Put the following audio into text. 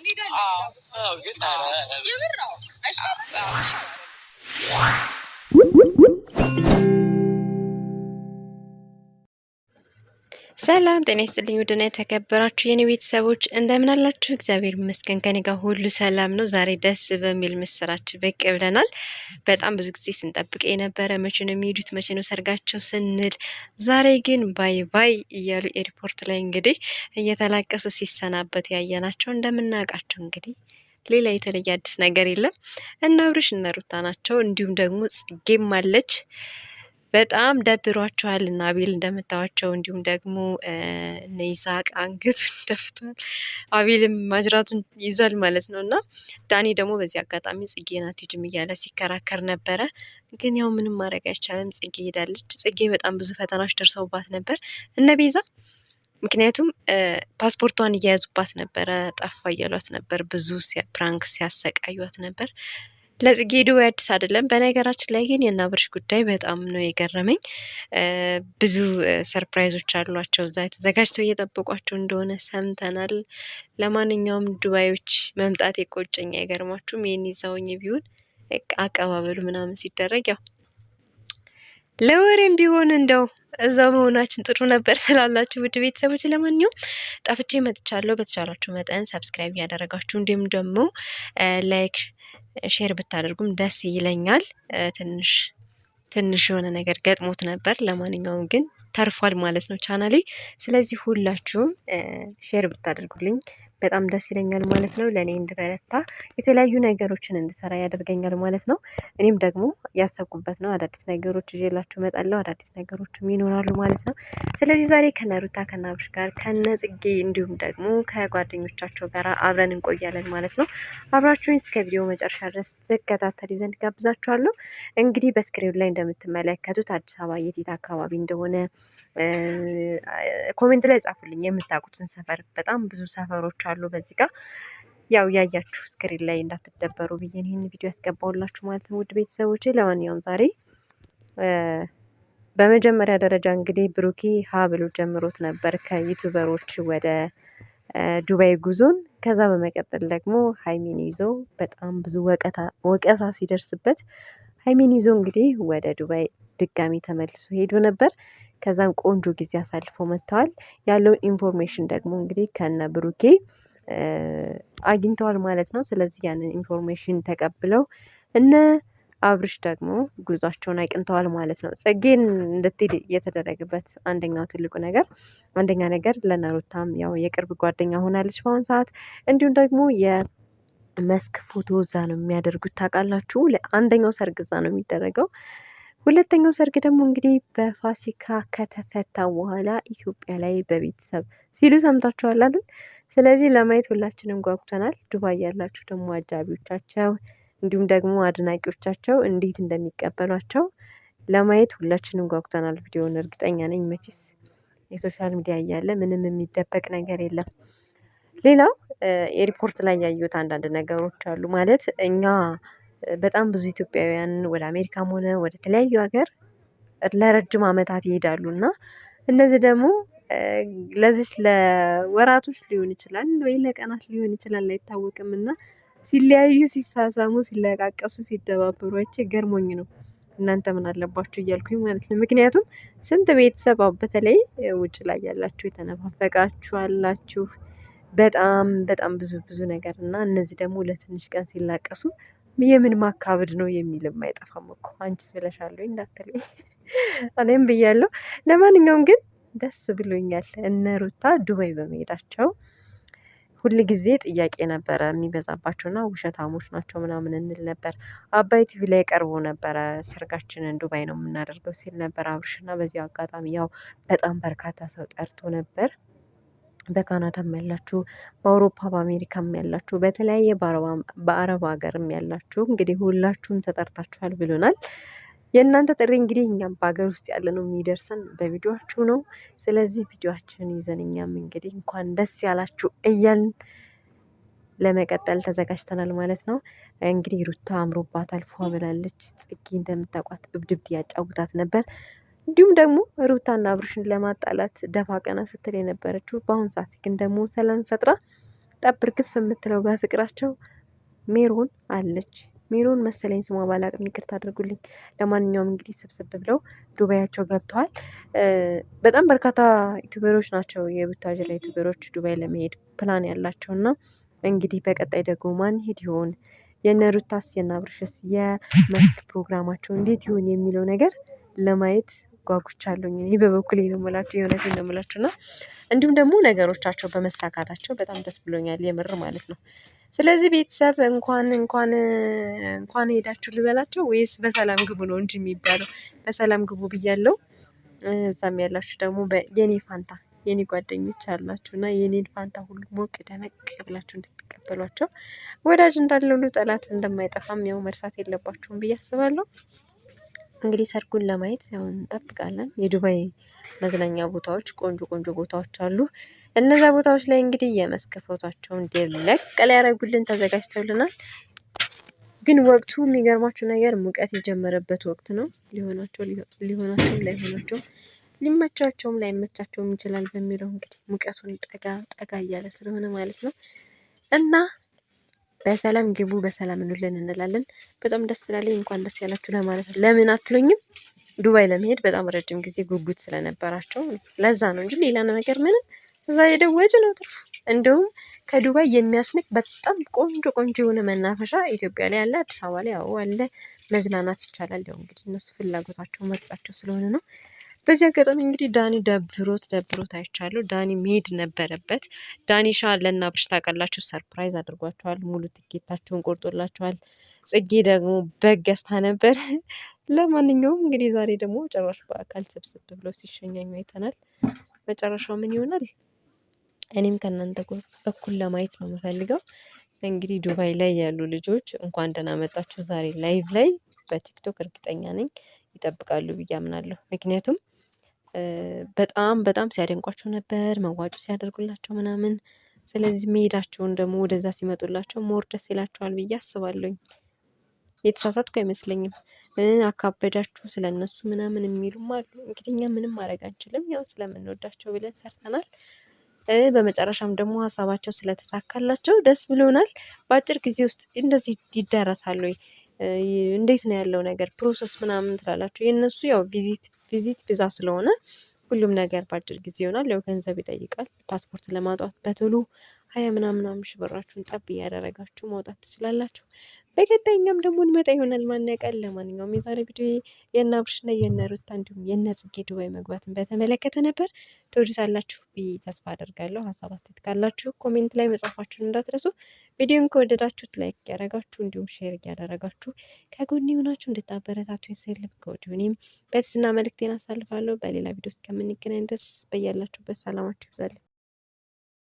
እንሄዳለን። ሰላም ጤና ይስጥልኝ። ውድና የተከበራችሁ የኔ ቤተሰቦች እንደምን አላችሁ? እግዚአብሔር ይመስገን ከኔ ጋር ሁሉ ሰላም ነው። ዛሬ ደስ በሚል ምስራች ብቅ ብለናል። በጣም ብዙ ጊዜ ስንጠብቅ የነበረ መቼ ነው የሚሄዱት፣ መቼ ነው ሰርጋቸው ስንል፣ ዛሬ ግን ባይ ባይ እያሉ ኤርፖርት ላይ እንግዲህ እየተላቀሱ ሲሰናበቱ ያየናቸው እንደምናውቃቸው እንግዲህ ሌላ የተለየ አዲስ ነገር የለም እና አብርሽ እነ ሩታ ናቸው። እንዲሁም ደግሞ ጽጌም አለች። በጣም ደብሯቸዋል እና አቤል እንደምታዋቸው እንዲሁም ደግሞ ነይሳቅ አንገቱን ደፍቷል። አቤልም ማጅራቱን ይዟል ማለት ነው እና ዳኒ ደግሞ በዚህ አጋጣሚ ጽጌ ናት እያለ ሲከራከር ነበረ። ግን ያው ምንም ማድረግ አይቻልም። ጽጌ ሄዳለች። ጽጌ በጣም ብዙ ፈተናዎች ደርሰውባት ነበር እነ ቤዛ ምክንያቱም ፓስፖርቷን እየያዙባት ነበረ። ጠፋ እያሏት ነበር። ብዙ ፕራንክ ሲያሰቃዩት ነበር። ለጽጌ ዱባይ አዲስ አይደለም። በነገራችን ላይ ግን የናብርሽ ጉዳይ በጣም ነው የገረመኝ። ብዙ ሰርፕራይዞች አሏቸው እዛ ተዘጋጅተው እየጠበቋቸው እንደሆነ ሰምተናል። ለማንኛውም ዱባዮች መምጣት የቆጨኝ አይገርማችሁም? ይህን ይዛውኝ ቢሆን አቀባበሉ ምናምን ሲደረግ ያው ለወሬም ቢሆን እንደው እዛው መሆናችን ጥሩ ነበር ትላላችሁ ውድ ቤተሰቦች። ለማንኛውም ጠፍቼ መጥቻለሁ። በተቻላችሁ መጠን ሰብስክራይብ እያደረጋችሁ እንዲሁም ደግሞ ላይክ፣ ሼር ብታደርጉም ደስ ይለኛል። ትንሽ ትንሽ የሆነ ነገር ገጥሞት ነበር። ለማንኛውም ግን ተርፏል ማለት ነው ቻናሌ። ስለዚህ ሁላችሁም ሼር ብታደርጉልኝ በጣም ደስ ይለኛል ማለት ነው። ለእኔ እንድበረታ የተለያዩ ነገሮችን እንድሰራ ያደርገኛል ማለት ነው። እኔም ደግሞ ያሰብኩበት ነው። አዳዲስ ነገሮች ይዤላችሁ እመጣለሁ። አዳዲስ ነገሮችም ይኖራሉ ማለት ነው። ስለዚህ ዛሬ ከነሩታ ከናብሽ ጋር ከነጽጌ እንዲሁም ደግሞ ከጓደኞቻቸው ጋር አብረን እንቆያለን ማለት ነው። አብራችሁን እስከ ቪዲዮ መጨረሻ ድረስ ትከታተሉ ዘንድ ጋብዛችኋለሁ። እንግዲህ በስክሪኑ ላይ እንደምትመለከቱት አዲስ አበባ የት አካባቢ እንደሆነ ኮሜንት ላይ ጻፉልኝ የምታውቁትን ሰፈር። በጣም ብዙ ሰፈሮች አሉ በዚህ ጋር ያው ያያችሁ ስክሪን ላይ እንዳትደበሩ ብዬ ይህን ቪዲዮ ያስገባውላችሁ ማለት ነው። ውድ ቤተሰቦቼ ለማንኛውም ዛሬ በመጀመሪያ ደረጃ እንግዲህ ብሩኪ ሀ ብሎ ጀምሮት ነበር ከዩቱበሮች ወደ ዱባይ ጉዞን። ከዛ በመቀጠል ደግሞ ሀይሚን ይዞ በጣም ብዙ ወቀሳ ሲደርስበት ሀይሚን ይዞ እንግዲህ ወደ ዱባይ ድጋሚ ተመልሶ ሄዶ ነበር። ከዛም ቆንጆ ጊዜ አሳልፎ መጥተዋል። ያለውን ኢንፎርሜሽን ደግሞ እንግዲህ ከነ ብሩኬ አግኝተዋል ማለት ነው። ስለዚህ ያንን ኢንፎርሜሽን ተቀብለው እነ አብርሽ ደግሞ ጉዟቸውን አይቅንተዋል ማለት ነው። ጽጌን እንድትሄድ የተደረገበት አንደኛው ትልቁ ነገር አንደኛ ነገር ለነሮታም ያው የቅርብ ጓደኛ ሆናለች በአሁን ሰዓት እንዲሁም ደግሞ የመስክ ፎቶ እዛ ነው የሚያደርጉት ታውቃላችሁ። አንደኛው ሰርግ እዛ ነው የሚደረገው። ሁለተኛው ሰርግ ደግሞ እንግዲህ በፋሲካ ከተፈታ በኋላ ኢትዮጵያ ላይ በቤተሰብ ሲሉ ሰምታችኋል አይደል? ስለዚህ ለማየት ሁላችንም ጓጉተናል። ዱባይ ያላችሁ ደግሞ አጃቢዎቻቸው እንዲሁም ደግሞ አድናቂዎቻቸው እንዴት እንደሚቀበሏቸው ለማየት ሁላችንም ጓጉተናል። ቪዲዮውን እርግጠኛ ነኝ መቼስ የሶሻል ሚዲያ እያለ ምንም የሚደበቅ ነገር የለም። ሌላው ሪፖርት ላይ ያዩት አንዳንድ ነገሮች አሉ ማለት እኛ በጣም ብዙ ኢትዮጵያውያን ወደ አሜሪካም ሆነ ወደ ተለያዩ ሀገር ለረጅም ዓመታት ይሄዳሉ እና እነዚህ ደግሞ ለዚች ለወራቶች ሊሆን ይችላል ወይ ለቀናት ሊሆን ይችላል አይታወቅም። እና ሲለያዩ፣ ሲሳሳሙ፣ ሲለቃቀሱ፣ ሲደባበሩ አይቼ ገርሞኝ ነው እናንተ ምን አለባችሁ እያልኩኝ ማለት ነው። ምክንያቱም ስንት ቤተሰብ በተለይ ውጭ ላይ ያላችሁ የተነፋፈቃችሁ አላችሁ በጣም በጣም ብዙ ብዙ ነገር እና እነዚህ ደግሞ ለትንሽ ቀን ሲላቀሱ የምን ማካበድ ነው የሚልም አይጠፋም እኮ አንቺ ብለሻለሁ እንዳትል እኔም ብያለሁ። ለማንኛውም ግን ደስ ብሎኛል እነ ሩታ ዱባይ በመሄዳቸው። ሁል ጊዜ ጥያቄ ነበረ የሚበዛባቸውና ውሸታሞች ናቸው ምናምን እንል ነበር። አባይ ቲቪ ላይ ቀርቦ ነበረ ሰርጋችንን ዱባይ ነው የምናደርገው ሲል ነበር አብርሽና በዚህ አጋጣሚ ያው በጣም በርካታ ሰው ጠርቶ ነበር። በካናዳም ያላችሁ በአውሮፓ በአሜሪካም ያላችሁ በተለያየ በአረብ ሀገርም ያላችሁ እንግዲህ ሁላችሁም ተጠርታችኋል ብሎናል። የእናንተ ጥሪ እንግዲህ እኛም በሀገር ውስጥ ያለ ነው የሚደርሰን በቪዲዮችሁ ነው። ስለዚህ ቪዲዮችን ይዘን እኛም እንግዲህ እንኳን ደስ ያላችሁ እያልን ለመቀጠል ተዘጋጅተናል ማለት ነው። እንግዲህ ሩታ አምሮባታል፣ ፏ ብላለች። ጽጌ እንደምታውቋት እብድብድ ያጫውታት ነበር። እንዲሁም ደግሞ ሩታና አብርሽን ለማጣላት ደፋ ቀና ስትል የነበረችው በአሁን ሰዓት ግን ደግሞ ሰላም ፈጥራ ጠብር ግፍ የምትለው በፍቅራቸው ሜሮን አለች። ሜሮን መሰለኝ ስሟ ባላቅም ይቅርታ አድርጉልኝ። ለማንኛውም እንግዲህ ስብስብ ብለው ዱባያቸው ገብተዋል። በጣም በርካታ ዩቱበሮች ናቸው ላይ ዩቱበሮች ዱባይ ለመሄድ ፕላን ያላቸው እና እንግዲህ በቀጣይ ደግሞ ማን ሄድ ይሆን የነ ሩታስ የነ አብርሽስ የመስክ ፕሮግራማቸው እንዴት ይሆን የሚለው ነገር ለማየት ጓጉቻለሁኝ። እኔ በበኩሌ ነው የምላችሁ የእውነቴን ነው የምላችሁ እና እንዲሁም ደግሞ ነገሮቻቸው በመሳካታቸው በጣም ደስ ብሎኛል የምር ማለት ነው። ስለዚህ ቤተሰብ እንኳን እንኳን እንኳን ሄዳችሁ ልበላቸው ወይስ በሰላም ግቡ ነው እንጂ የሚባለው? በሰላም ግቡ ብያለሁ። እዛም ያላችሁ ደግሞ የኔ ፋንታ የኔ ጓደኞች አላችሁ እና የኔን ፋንታ ሁሉ ሞቅ ደመቅ ብላችሁ እንድትቀበሏቸው ወዳጅ እንዳለ ሁሉ ጠላት እንደማይጠፋም ያው መርሳት የለባችሁም ብዬ አስባለሁ። እንግዲህ ሰርጉን ለማየት ያው እንጠብቃለን። የዱባይ መዝናኛ ቦታዎች ቆንጆ ቆንጆ ቦታዎች አሉ። እነዛ ቦታዎች ላይ እንግዲህ የመስክ ፎቷቸውን ደብለቅ ሊያደርጉልን ተዘጋጅተውልናል። ግን ወቅቱ የሚገርማችሁ ነገር ሙቀት የጀመረበት ወቅት ነው። ሊሆናቸው ሊሆናቸውም ላይሆናቸውም ሊመቻቸውም ላይመቻቸውም ይችላል በሚለው እንግዲህ ሙቀቱን ጠጋ ጠጋ እያለ ስለሆነ ማለት ነው እና በሰላም ግቡ፣ በሰላም እንውልን እንላለን። በጣም ደስ ስላለኝ እንኳን ደስ ያላችሁ ለማለት ነው። ለምን አትሉኝም? ዱባይ ለመሄድ በጣም ረጅም ጊዜ ጉጉት ስለነበራቸው ለዛ ነው እንጂ ሌላ ነገር ምንም። እዛ ሄደው ነው ትርፉ። እንደውም ከዱባይ የሚያስንቅ በጣም ቆንጆ ቆንጆ የሆነ መናፈሻ ኢትዮጵያ ላይ አለ፣ አዲስ አበባ ላይ አዎ አለ። መዝናናት ይቻላል። ያው እንግዲህ እነሱ ፍላጎታቸው መርጫቸው ስለሆነ ነው። በዚህ አጋጣሚ እንግዲህ ዳኒ ደብሮት ደብሮት አይቻለሁ። ዳኒ መሄድ ነበረበት። ዳኒ ሻ ለና ብርሽ ታውቃላችሁ፣ ሰርፕራይዝ አድርጓቸዋል። ሙሉ ትኬታቸውን ቆርጦላቸዋል። ጽጌ ደግሞ በገዝታ ነበር። ለማንኛውም እንግዲህ ዛሬ ደግሞ ጭራሽ በአካል ሰብስብ ብለው ሲሸኛኙ አይተናል። መጨረሻው ምን ይሆናል? እኔም ከእናንተ እኩል ለማየት ነው የምፈልገው። እንግዲህ ዱባይ ላይ ያሉ ልጆች እንኳን ደህና መጣችሁ። ዛሬ ላይቭ ላይ በቲክቶክ እርግጠኛ ነኝ ይጠብቃሉ ብዬ አምናለሁ። ምክንያቱም በጣም በጣም ሲያደንቋቸው ነበር፣ መዋጮ ሲያደርጉላቸው ምናምን። ስለዚህ መሄዳቸውን ደግሞ ወደዛ ሲመጡላቸው ሞር ደስ ይላቸዋል ብዬ አስባለሁኝ። የተሳሳትኩ አይመስለኝም። አካበዳችሁ ስለ እነሱ ምናምን የሚሉም አሉ። እንግዲህ እኛ ምንም ማድረግ አንችልም፣ ያው ስለምንወዳቸው ብለን ሰርተናል። በመጨረሻም ደግሞ ሀሳባቸው ስለተሳካላቸው ደስ ብሎናል። በአጭር ጊዜ ውስጥ እንደዚህ ይደረሳሉ። እንዴት ነው ያለው ነገር ፕሮሰስ ምናምን ትላላቸው የእነሱ ያው ቪዚት ቪዚት ቪዛ ስለሆነ ሁሉም ነገር በአጭር ጊዜ ይሆናል። ያው ገንዘብ ይጠይቃል። ፓስፖርት ለማውጣት በቶሎ ሀያ ምናምናም ብራችሁን ጠብ እያደረጋችሁ ማውጣት ትችላላችሁ። በቀጣይ እኛም ደግሞ እንመጣ ይሆናል ማነቀል። ለማንኛውም የዛሬ ቪዲዮ የእነ አብርሽና የእነ ሩታ እንዲሁም የእነ ጽጌ ዱባይ መግባትን በተመለከተ ነበር። ትወዱታላችሁ ብዬ ተስፋ አደርጋለሁ። ሀሳብ አስተያየት ካላችሁ ኮሜንት ላይ መጻፋችሁን እንዳትረሱ። ቪዲዮን ከወደዳችሁት ላይክ እያደረጋችሁ እንዲሁም ሼር እያደረጋችሁ ከጎን የሆናችሁ እንድታበረታቱ የስልብ ከወዲሁ እኔም በትህትና መልእክቴን አሳልፋለሁ። በሌላ ቪዲዮ እስከምንገናኝ ድረስ በያላችሁበት ሰላማችሁ ይብዛል።